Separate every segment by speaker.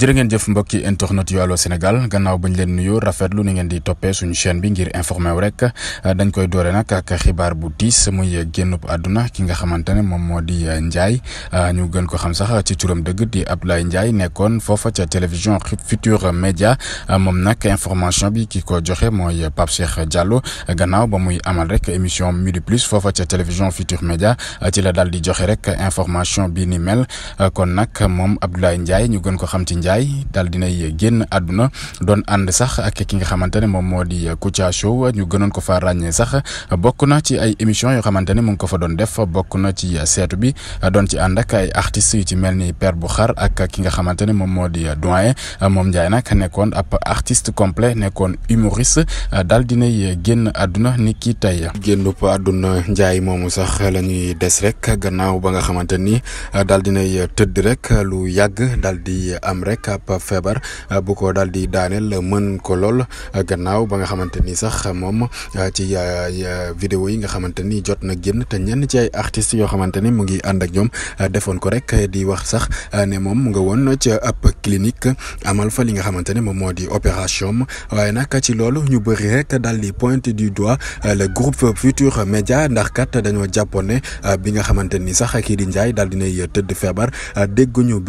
Speaker 1: jërë ngeen jëf mbokki internet yu Allô Sénégal gannaaw bañ leen nuyu lu ni ngeen di toppee suñu chaîne bi ngir informé wu rek euh, dañ koy doore nag ak xibaar bu tiis muy génnub adduna ki nga xamante ne moom moo di euh, njaay euh, ñu gën ko xam sax ci turam dëgg di Abdoulaye Ndiaye nekkoon foofa ca télévision Futurs Médias moom nag information bi ki ko joxe mooy Pape Cheikh Diallo gannaaw ba muy amal rek émission Midi foofa ca télévision Futurs Médias ci la daal di joxe rek information bi ni mel kon nag moom Abdoulaye Ndiaye ko xam ci Ndiaye Ndiaye daal dinay génn adduna doon ànd sax ak ki nga xamante ne moom moo di Kouthia Show ñu gënoon ko fa ràññee sax bokk na ci ay émissions yoo xamante ne mu ngi ko fa doon def bokk na ci seetu bi doon ci ànd ak ay artistes yu ci mel ni per bu xar ak ki nga xamante ne moom moo di doyen moom Ndiaye nag nekkoon ab artiste complet nekkoon humoriste daal dinay génn adduna nit ki tey. génnub àdduna Ndiaye moomu sax la ñuy des rek gannaaw ba nga xamante ni daal dinay tëdd rek lu yàgg daal di am rek ab feebar ah, bu ko daal di daaneel mën ko lool ah, gannaaw ba nga xamante ni sax moom ah, ci vidéo yi nga xamante ni jot na génn te ñenn ci ay artistes yoo xamante ni mu ngi ànd ak ñoom defoon ko rek di wax sax ne moom mu nga woon ca ab clinique amal fa li nga xamante ne moom moo di opération waaye nag ci loolu ñu bëri rek daal di pointer du doigt le groupe Futur Média ndax kat dañoo jàppoon ne bi nga xamante ni sax kii di njaay dal di nay tëdd feebar dégguñu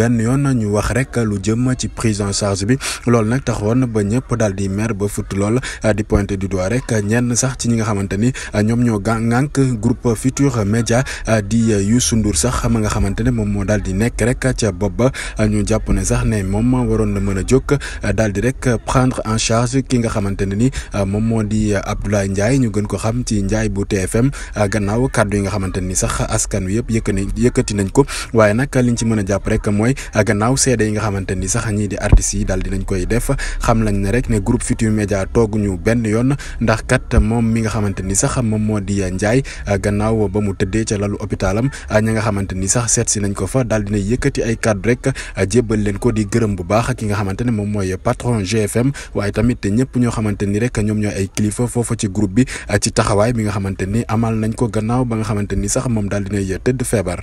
Speaker 1: jëm ci prise en charge bi loolu nag taxoon ba ñëpp daal di mer ba futt lool euh, di pointer du doigt rek ñenn sax ci ñi nga xamante ni euh, ñoom ñoo gànk groupe Futur Média euh, di Youssou Ndour sax ma nga xamante ne moom moo daal di nekk rek ca bopp ba ñu jàpp ne sax ne moom waroon na mën a jóg daal di rek prendre en charge ki nga xamante ne ni moom moo di Abdoulaye njaay ñu gën ko xam ci njaay bu TFM gannaaw kaddu yi nga xamante ni sax askan wi yëpp yëkkati yëkkati nañ ko waaye nag liñ ci sax ñii di artistes yi daal dinañ koy def xam lañ ne rek ne groupe Futurs Médias tooguñu benn yoon ndax kat moom mi nga xamante ni sax moom moo di Ndiaye ah, gannaaw ba mu tëddee ca lalu hôpitalam ah, ñi nga xamante ni sax seet si nañ ko fa daal dina yëkkati ay kàddu rek ah, jébbal leen ko di gërëm bu baax ki nga xamante ne moom mooy patron GFM waaye tamit ñëpp ñoo xamante ni rek ñoom ñooy ay kilifa foofu ci groupe bi ci taxawaay bi nga xamante ni amal nañ ko gannaaw ba nga xamante ni sax moom daal dinay tëdd feebar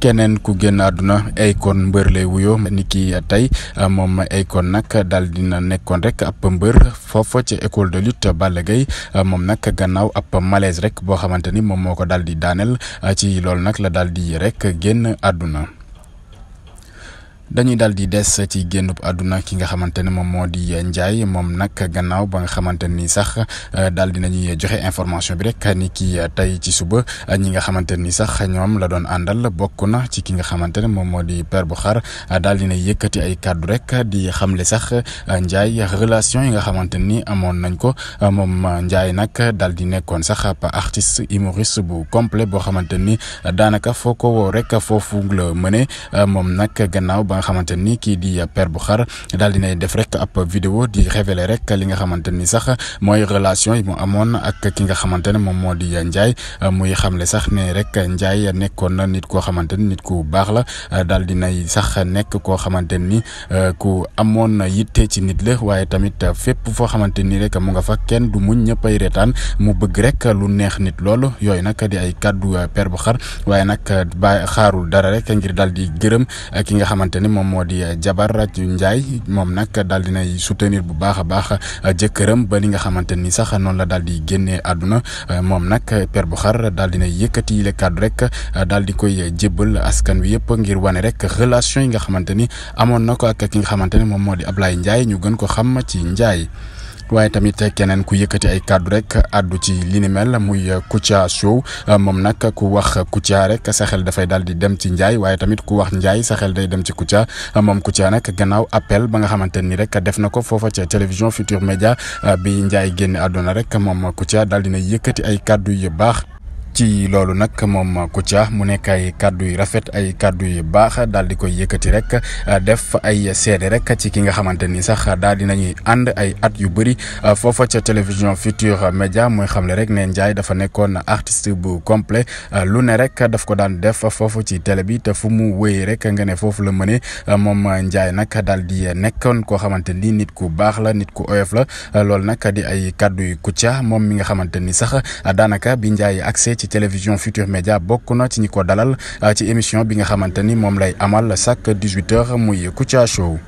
Speaker 1: keneen ku génn àdduna Akon mbër lay wuyoo ni ki tey moom Akon nag daal dina nekkoon rek ab mbër foofa ci école de lutte Balla Gaye moom nag gannaaw ab malaise rek boo xamante ni moom moo ko daal di daaneel ci loolu nag la daal di rek génn àdduna. dañuy daal di des ci génn génnub àdduna ki nga xamante ne moom moo di Ndiaye moom nag gannaaw ba nga xamante ni sax euh, daal di nañuy joxe information bi rek ni ki euh, tey ci suba euh, ñi nga xamante ni sax ñoom la doon àndal bokk na ci ki nga xamante ne moom moo di per bu xar daal di na yëkkati ay kàddu rek di xamle sax Ndiaye relation yi nga xamante ni amoon nañ ko moom Ndiaye nag daal di nekkoon sax ab artiste humoriste bu complet boo xamante ni daanaka foo ko woo rek foofu la mëne moom nag gannaaw ba ba nga xamante ni kii di père bu xar daal di nay def rek ab vidéo di révéler rek li nga xamante ni sax mooy relation yi mu amoon ak ki nga xamante ne moom moo di Ndiaye muy xamle sax ne rek njaay Ndiaye nekkoon na nit koo xamante ni nit ku baax la daal di nay sax nekk koo xamante ni euh, ku amoon yitte ci nit la waaye tamit fépp foo xamante ni rek mu nga fa kenn du muñ ñëppay reetaan mu bëgg rek lu neex nit loolu yooyu nag di ay kàddu père bu xar waaye nag xaarul dara moom moo di eh, Jabar ju Ndiaye moom nag daal di nay soutenir bu baax a baax eh, jëkkëram ba li nga xamante ni sax noonu la daal di génnee àdduna eh, moom nag Père Boukhar daal di nay yëkkati le kàddu rek daal di koy jébbal askan wi yëpp ngir wane rek relation yi nga xamante ni amoon na ko ak ki nga xamante ni moom moo di Ablaye Ndiaye ñu gën ko xam ci Ndiaye. waaye tamit keneen ku yëkkati ay kàddu rek àddu ci li ni mel muy Kouthia Show moom nag ku wax Kouthia rek sa xel dafay daal di dem ci njaay waaye tamit ku wax njaay sa xel day dem ci Kouthia moom Kouthia nag gannaaw appel ba nga xamante ni rek def na ko foofa ca télévision Futur Média bi Ndiaye génn àdduna rek moom Kouthia daal dina yëkkati ay kàddu yu baax. ci loolu nag moom Kouthia mu nekk ay kàddu yu rafet ay kàddu yu baax daal di koy yëkkati rek def ay seede rek ci ki nga xamante ni sax daal di nañuy ànd ay at yu bëri foofa ca télévision Futur Média muy xamle rek ne Ndiaye dafa nekkoon artiste bu complet lu ne rek daf ko daan def foofu ci télé bi te fu mu wéyee rek nga ne foofu la mënee moom Ndiaye nag daal di nekkoon koo xamante ni nit ku baax la nit ku oyof la loolu nag di ay kàddu yu Kouthia moom mi nga xamante ni sax daanaka bi Ndiaye accès ci télévision Futur Média bokk na ci ñi ko dalal ah, ci émission bi nga xamante ni moom lay amal chaque 18 heures muy Kouthia Show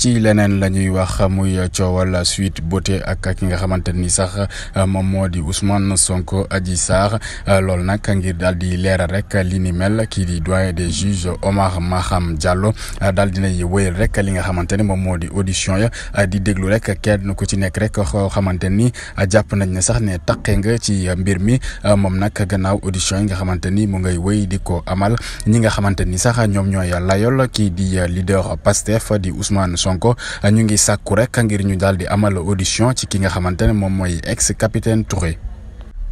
Speaker 1: ci leneen la ñuy wax muy coowal Sweet Beauté ak ki nga xamante ni sax euh, moom moo di Ousmane Sonko Adji Sarr euh, loolu nag ngir daal di leeral rek li ni mel kii di doyen des juges Omar Maham Diallo euh, daal dinay wëyal rek li nga xamante ni moom moo di audition ya di déglu rek kenn ko ci nekk rek xoo xamante ni jàpp nañ ne sax ne taqe nga ci mbir mi moom nag gannaaw audition yi nga xamante ni mu ngay wëy di ko amal ñi nga xamante ni sax ñoom ñooy layool kii di leader Pastef Sonko ñu ngi sàkku rek ngir ñu daal di amal audition ci ki nga xamante ne moom mooy ex capitaine Touré.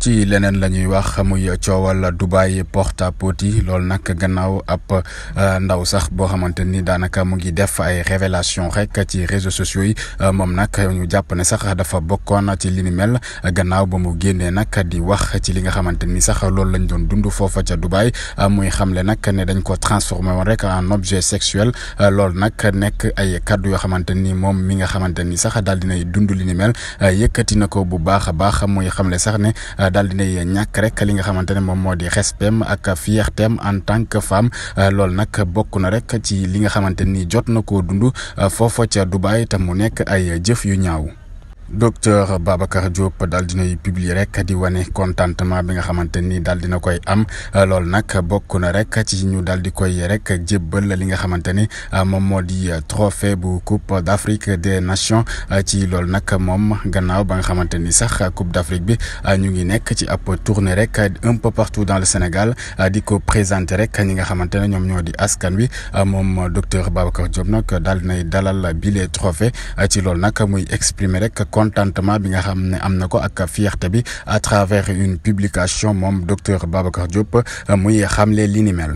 Speaker 1: ci leneen la ñuy wax muy coowal Dubai Porta Potty loolu nag gannaaw ab euh, ndaw sax boo xamante ni daanaka mu ngi def ay révélation rek ci réseaux sociaux yi euh, moom nag ñu jàpp ne sax dafa bokkoon ci li ni mel gannaaw ba mu génnee nag di wax ci li nga xamante ni sax loolu lañ doon dund foofa ca Dubai euh, muy xamle nag ne dañ ko transformé woon rek en objet sexuel loolu nag nekk ay kaddu yoo xamante ni moom mi nga xamante ni sax daal dinay dund li ni na ko bu baax a baax muy xamle sax ne. daal dinay ñàkk rek li nga xamante ne moom moo di respectam ak fiertéem en tant que femme euh, loolu nag bokk na rek ci li nga xamante ni jot na koo dund euh, foofa ca Dubaï te mu nekk ay jëf yu ñaaw docteur Babacar Diop daal dinay publier rek di wane contentement bi nga xamante ni daal dina koy am loolu nag bokk na rek ci ñu daal di koy rek jébbal li nga xamante ni ah, moom moo di trophée bu coupe d' Afrique nations ci loolu nag moom gannaaw ba nga xamante ni sax coupe d' Afrique bi ah, ñu ngi nekk ci ab rek un peu partout le Sénégal ah, di ko présenter rek ñi nga xamante ne ñoom ñoo di askan wi moom docteur Babacar Diop nag daal dinay dalal bile trophée ci loolu nag muy exprimer rek. contentement bi nga xam ne am na ko ak fierté bi à travers une publication moom docteur Babacar Diop euh, muy xamle li ni mel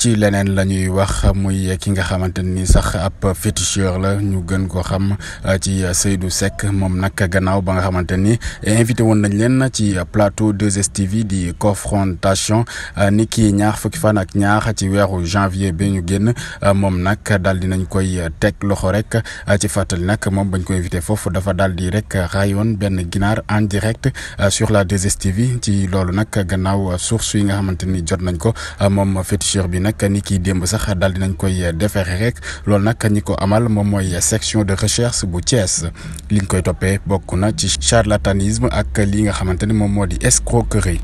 Speaker 1: ci leneen la ñuy wax muy ki nga xamante ni sax ab féticheur la ñu gën ko xam euh, ci Seydou Seck moom nag gannaaw ba nga xamante ni invité woon nañ leen ci plateau 2STV di confrontation euh, ni ki ñaar fukki fan ak ñaax ci weeru janvier bi ñu génn euh, moom nag daal di nañ koy teg loxo rek ci fàttali nag moom bañ ko invité foofu dafa daal di rek rayoon benn ginaar en direct sur la 2STV ci loolu nag gannaaw source yi nga xamante ni jot nañ ko moom féticheur bi nag. nag ni kiy démb sax daal dinañ koy deferee rek loolu nag ni ko amal moom mooy section de recherche bu li liñ koy toppee bokk na ci charlatanisme ak li nga xamante ni moom moo di escroquerie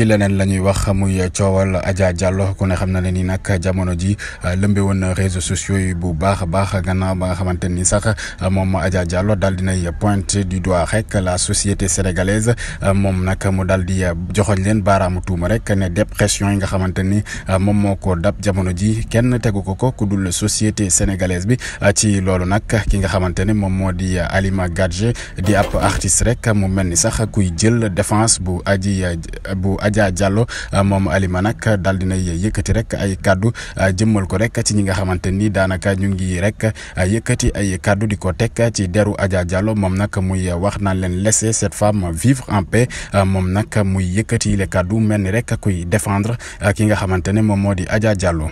Speaker 1: ci leneen la ñuy wax muy coowal Adja Diallo ku ne xam na ne ni nag jamono ji euh, lëmbe woon réseaux sociaux yi bu baax a baax gannaaw ba nga xamante ni sax euh, moom ma Adja Diallo daal dinay pointé du doigt rek la société sénégalaise euh, moom nag mu daal di joxoñ leen baaraamu tuuma rek ne dépression yi nga xamante ni moom moo ko dab jamono ji kenn tegu ko ko ku dul société sénégalaise bi ci loolu nag ki nga xamante ne moom moo di Alima Gadje di ab artiste rek mu mel ni sax kuy jël défense bu Adja Diallo euh, moom Alima nag daal dina yëkkati rek ay kaddu euh, jëmmal ko rek ci ñi nga xamante ni daanaka ñu ngi rek euh, yëkkati ay kaddu di ko teg ci deru Adja Diallo moom nag muy wax naan leen laisser cette femme vivre en paix moom nag muy yëkkati les kaddu mel ni rek kuy défendre ki nga xamante ne moom moo di Adja Diallo.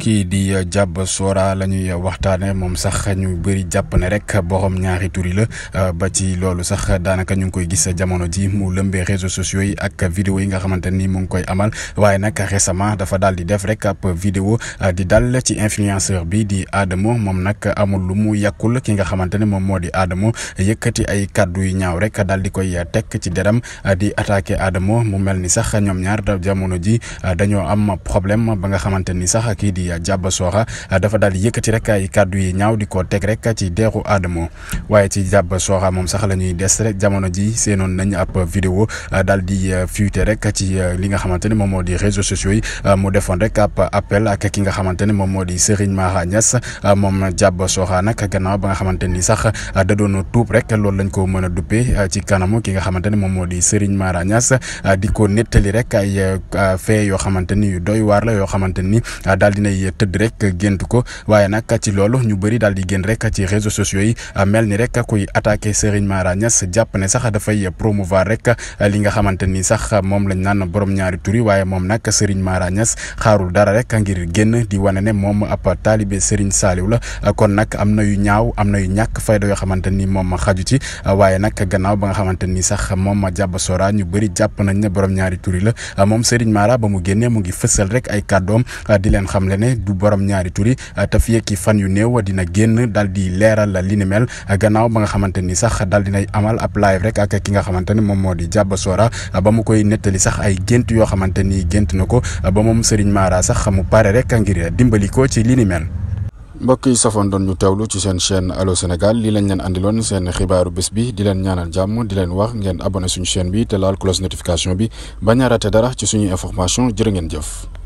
Speaker 1: kii di Diab Sora la ñuy waxtaanee moom sax ñu bëri jàpp ne rek borom ñaari tur la ba ci loolu sax daanaka ñu ngi koy gis jamono ji mu lëmbee réseaux sociaux yi ak vidéo yi nga xamante ni mu ngi koy amal waaye nag récemment dafa daal di def rek ab vidéo di dal ci influenceur bi di Adamo moom nag amul lu mu yàkkul ki nga xamante ne moom moo di Adamo yëkkati ay kàddu yu ñaaw rek daal di koy tek ci deram di attaqué Adamo mu mel ni sax ñoom ñaar jamono ji dañoo am problème ba nga xamante ni sax kii di Diaba Soxna dafa daal di yëkkati rek ay kàddu yi ñaaw di ko teg rek ci deexu Adamo waaye ci Diaba Soxna moom sax la ñuy des rek jamono ji seenoon nañ ab vidéo euh, daal di euh, fuité rek ci euh, li nga xamante ne moom moo di réseaux sociaux yi mu defoon di ba nga da doon tuub ko a duppee ci kanamu ki nga xamante ne moom moo di Serigne Mara Niass di ko nettali rek ay fee yoo xamante ni yu doy waar la yoo xamante ni daal dafay tëdd rek gént ko waaye nag ci loolu ñu bëri daal di génn rek ci réseaux sociaux yi mel ni rek kuy attaqué Serigne Mara Niass jàpp ne sax dafay promouvoir rek li nga xamante ni sax moom Mara Niass xaarul dara rek ngir génn di wane ne moom ab taalibe Serigne Saliou la kon nag am na yu ñaaw am na yu ñàkk fayda yoo xamante ni a xaju ci waaye nag gannaaw ba nga xamante ni sax moom jàpp sora ñu bëri jàpp nañ ne borom ñaari tur la moom Serigne Mara ba mu génnee mu ngi fësal rek ay kàddoom di leen xamle ne ne du borom ñaari turi euh, te fii ak fan yu néew dina génn daal di leeral li ni gannaaw ba nga xamante ni sax daal dinay amal ab live rek ak ki nga xamante ni moom moo di jàbba soora ba mu koy nettali sax ay gént yoo xamante ni gént na ko ba moom Serigne Mara sax mu pare rek ngir dimbali ko ci li ni mel. mbokk yi safoon doon ñu teewlu ci seen chaîne Allô Sénégal lii lañ leen andiloon seen xibaaru bés bi di leen ñaanal jàmm di leen wax ngeen abonné suñu chaîne bi te laal cloche notification bi a raté dara ci suñu information jërë ngeen jëf.